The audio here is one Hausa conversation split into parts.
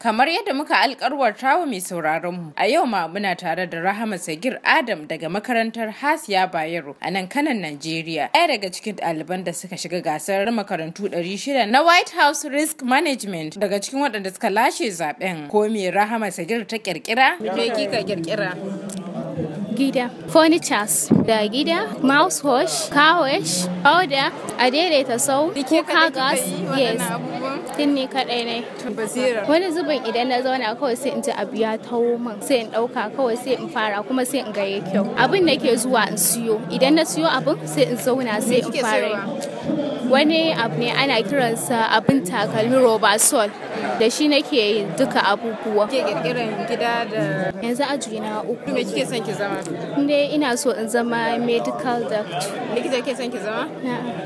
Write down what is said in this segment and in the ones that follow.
Kamar yadda muka alkarwarta tawo mai sauraronmu, a yau ma muna tare da Rahama Sagir Adam daga makarantar Hasiya Bayero a nan kanan Najeriya. Ɗaya daga cikin ɗaliban da suka shiga gasar makarantu 600 na White House Risk Management daga cikin waɗanda suka lashe zaben. Ko me Rahama Sagir ta ƙirƙira? Me ka ƙirƙira? gida furnitures da gida mouse wash car wash powder a daidaita sau kuka gas yes din ne kadai ne wani zubin idan na zauna kawai sai in ji abu ya tawo min sai in dauka kawai sai in fara kuma sai in gaye kyau abin da ke zuwa in siyo idan na siyo abin sai in zauna sai in fara wani abu ne ana kiransa abin takalmi roba sol da shi nake yi duka abubuwa ke kirkirar gida da yanzu ajiye na uku me kike son ki zama inda ina so in zama medical doctor likita ke son ki zama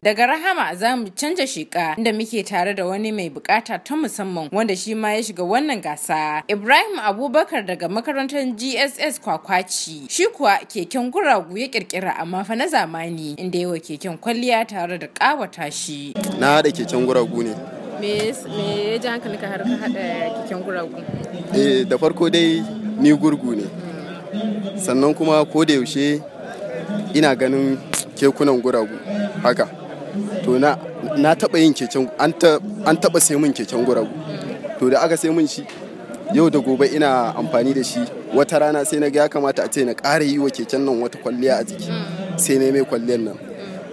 daga rahama za mu canja shika inda muke tare da wani mai bukata ta musamman wanda shi ma ya shiga wannan gasa ibrahim abubakar daga makarantar gss kwakwaci shi kuwa keken guragu ya kirkira amma fa na zamani inda yawa keken kwalliya tare da kawata shi na haɗa keken guragu ne me ya ji ka har ka haɗa kikin guragu eh da farko dai ni gurgu ne sannan kuma ko da yaushe ina ganin kekunan guragu haka to na na taɓa yin keken an taɓa sai min keken guragu to da aka sai min shi yau da gobe ina amfani da shi wata rana sai na ga ya kamata a ce na ƙara yi wa keken nan wata kwalliya a jiki mm. sai na mai kwalliyar nan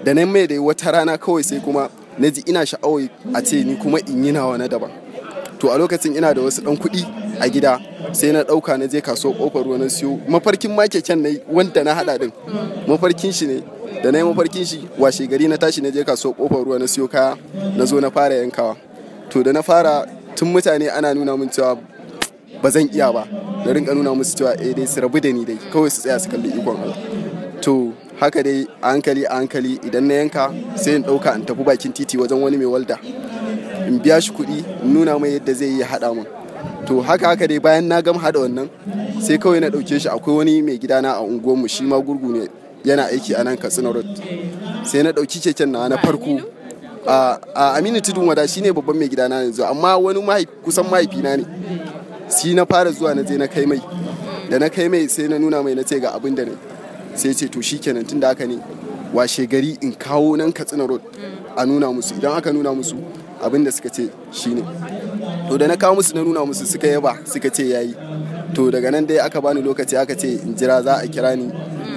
da na mai dai wata rana kawai sai kuma na ji ina sha'awar a ce ni kuma in yi nawa na daban to a lokacin ina da wasu dan kuɗi a gida sai na dauka na je kasuwar ƙofar ruwa na siyo mafarkin ma keken na wanda na haɗa din mafarkin shi ne da na yi mafarkin shi washe gari na tashi na je kasuwar kofar ruwa na siyo kaya na zo na fara yankawa to da na fara tun mutane ana nuna min cewa ba zan iya ba na rinka nuna musu cewa eh dai su rabu da ni dai kawai su tsaya su kalli ikon Allah to haka dai a hankali a hankali idan na yanka sai in ɗauka in tafi bakin titi wajen wani mai walda in biya shi kuɗi in nuna mai yadda zai yi haɗa mun to haka haka dai bayan na gama haɗa wannan sai kawai na ɗauke shi akwai wani mai gidana a unguwarmu shi ma gurgu ne yana aiki a nan katsina road sai na ɗauki keken na na farko a aminu tudun wada shi ne babban mai gidana yanzu amma wani kusan mahaifina ne shi na fara zuwa na je na kai mai da na kai mai sai na nuna mai na ce ga abin da ne sai ce to shikenan tun da haka ne washe gari in kawo nan katsina road a nuna musu idan aka nuna musu abin da suka ce shine to da na kawo musu na nuna musu suka yaba suka ce yayi to daga nan dai aka bani lokaci aka ce in jira za a kira ni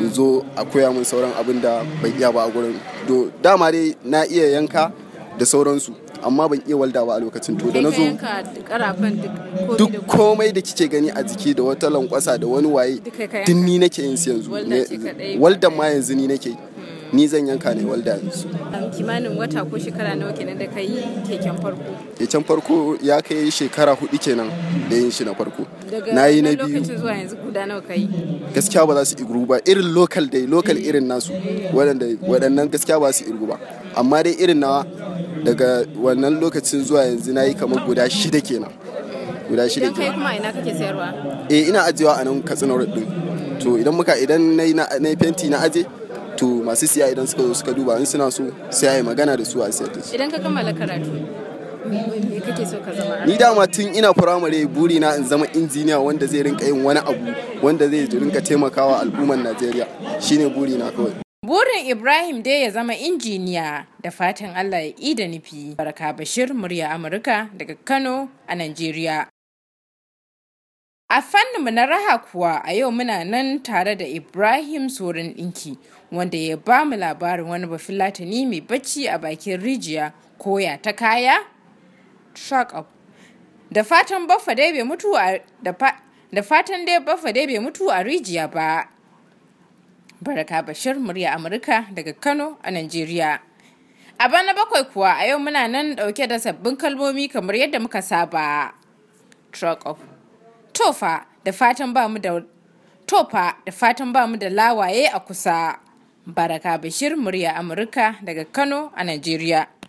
in zo a koya min sauran abin da bai iya ba a gurin to dama dai na iya yanka da sauransu amma ban iya waldawa a lokacin to da na zo duk komai da kike gani a jiki da wata lankwasa da wani waye duk ni nake yin su yanzu waldan ma yanzu ni nake hmm. ni zan yanka ne walda yanzu kimanin wata ko shekara nawa kenan da kai keken farko keken farko ya kai shekara hudu kenan da yin shi na farko na yi na biyu lokacin zuwa yanzu guda nawa kai gaskiya ba za su iguru ba irin local dai local irin nasu hmm. waɗannan gaskiya ba su iguru ba amma dai irin nawa daga wannan lokacin zuwa yanzu na yi kamar guda shida kenan guda shida kenan kai kuma ina kake sayarwa eh ina ajewa a nan katsina road din to idan muka idan na yi na fenti na aje to masu siya idan suka zo suka duba in suna so sai a magana da su a sayar da su idan ka kammala karatu ni dama tun ina firamare buri na in zama injiniya wanda zai rinka yin wani abu wanda zai rinka taimakawa al'ummar najeriya shine buri na kawai Burin Ibrahim dai ya zama injiniya da fatan Allah ya yi da nufi. Baraka Bashir murya Amurka daga Kano a Najeriya. A fanninmu na raha kuwa a yau muna nan tare da Ibrahim Sorin ɗinki wanda ya ba mu labarin wani bafilatani mai bacci a bakin rijiya koya ta kaya? Shark up. Da fatan baffa dai bai mutu a rijiya ba Baraka Bashir murya Amurka daga Kano a Najeriya. A bana bakwai kuwa a yau muna nan dauke da sabbin kalmomi kamar yadda muka saba. Truck of Tofa da fatan ba mu da Tofa da fatan ba mu da lawaye a kusa. Baraka Bashir murya Amurka daga Kano a Najeriya.